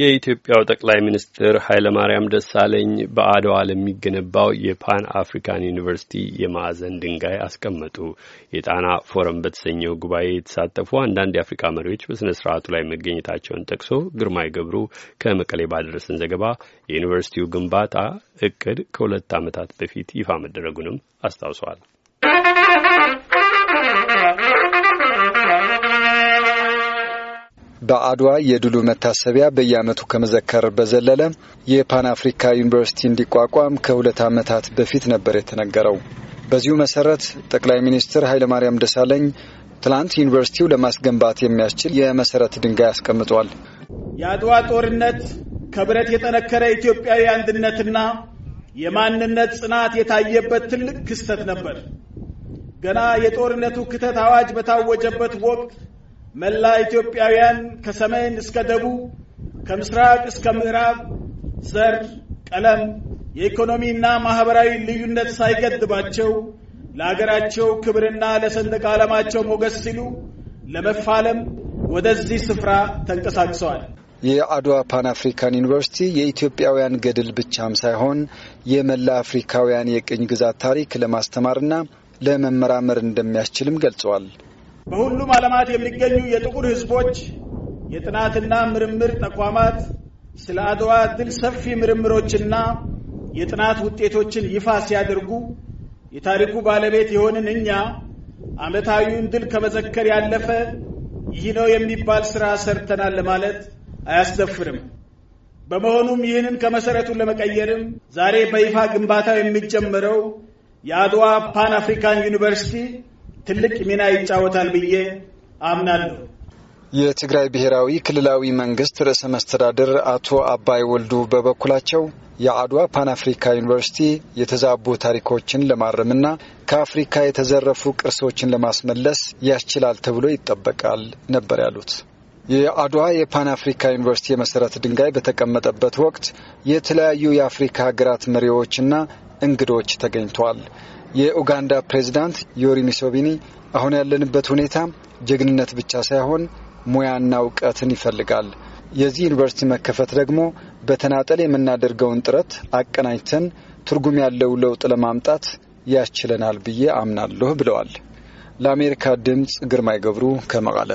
የኢትዮጵያው ጠቅላይ ሚኒስትር ኃይለማርያም ደሳለኝ በአድዋ ለሚገነባው የፓን አፍሪካን ዩኒቨርሲቲ የማዕዘን ድንጋይ አስቀመጡ። የጣና ፎረም በተሰኘው ጉባኤ የተሳተፉ አንዳንድ የአፍሪካ መሪዎች በሥነ ስርዓቱ ላይ መገኘታቸውን ጠቅሶ ግርማይ ገብሩ ከመቀሌ ባደረሰን ዘገባ የዩኒቨርሲቲው ግንባታ እቅድ ከሁለት ዓመታት በፊት ይፋ መደረጉንም አስታውሰዋል። በአድዋ የድሉ መታሰቢያ በየዓመቱ ከመዘከር በዘለለ የፓን አፍሪካ ዩኒቨርሲቲ እንዲቋቋም ከሁለት ዓመታት በፊት ነበር የተነገረው። በዚሁ መሰረት ጠቅላይ ሚኒስትር ኃይለማርያም ደሳለኝ ትላንት ዩኒቨርሲቲው ለማስገንባት የሚያስችል የመሰረት ድንጋይ አስቀምጧል። የአድዋ ጦርነት ከብረት የጠነከረ ኢትዮጵያዊ አንድነትና የማንነት ጽናት የታየበት ትልቅ ክስተት ነበር። ገና የጦርነቱ ክተት አዋጅ በታወጀበት ወቅት መላ ኢትዮጵያውያን ከሰሜን እስከ ደቡብ ከምስራቅ እስከ ምዕራብ ዘር፣ ቀለም፣ የኢኮኖሚና ማህበራዊ ልዩነት ሳይገድባቸው ለአገራቸው ክብርና ለሰንደቅ ዓላማቸው ሞገስ ሲሉ ለመፋለም ወደዚህ ስፍራ ተንቀሳቅሰዋል። የአድዋ ፓን አፍሪካን ዩኒቨርሲቲ የኢትዮጵያውያን ገድል ብቻም ሳይሆን የመላ አፍሪካውያን የቅኝ ግዛት ታሪክ ለማስተማርና ለመመራመር እንደሚያስችልም ገልጸዋል። በሁሉም ዓለማት የሚገኙ የጥቁር ህዝቦች የጥናትና ምርምር ተቋማት ስለ አድዋ ድል ሰፊ ምርምሮችና የጥናት ውጤቶችን ይፋ ሲያደርጉ የታሪኩ ባለቤት የሆንን እኛ ዓመታዊውን ድል ከመዘከር ያለፈ ይህ ነው የሚባል ስራ ሰርተናል ለማለት አያስደፍርም። በመሆኑም ይህንን ከመሠረቱ ለመቀየርም ዛሬ በይፋ ግንባታው የሚጀመረው የአድዋ ፓን አፍሪካን ዩኒቨርሲቲ ትልቅ ሚና ይጫወታል ብዬ አምናለሁ። የትግራይ ብሔራዊ ክልላዊ መንግስት ርዕሰ መስተዳድር አቶ አባይ ወልዱ በበኩላቸው የአድዋ ፓን አፍሪካ ዩኒቨርሲቲ የተዛቡ ታሪኮችን ለማረምና ከአፍሪካ የተዘረፉ ቅርሶችን ለማስመለስ ያስችላል ተብሎ ይጠበቃል ነበር ያሉት። የአድዋ የፓን አፍሪካ ዩኒቨርሲቲ የመሠረት ድንጋይ በተቀመጠበት ወቅት የተለያዩ የአፍሪካ ሀገራት መሪዎችና እንግዶች ተገኝተዋል። የኡጋንዳ ፕሬዚዳንት ዮሪ ሙሴቬኒ አሁን ያለንበት ሁኔታ ጀግንነት ብቻ ሳይሆን ሙያና እውቀትን ይፈልጋል። የዚህ ዩኒቨርሲቲ መከፈት ደግሞ በተናጠል የምናደርገውን ጥረት አቀናጅተን ትርጉም ያለው ለውጥ ለማምጣት ያስችለናል ብዬ አምናለሁ ብለዋል። ለአሜሪካ ድምፅ ግርማይ ገብሩ ከመቀለ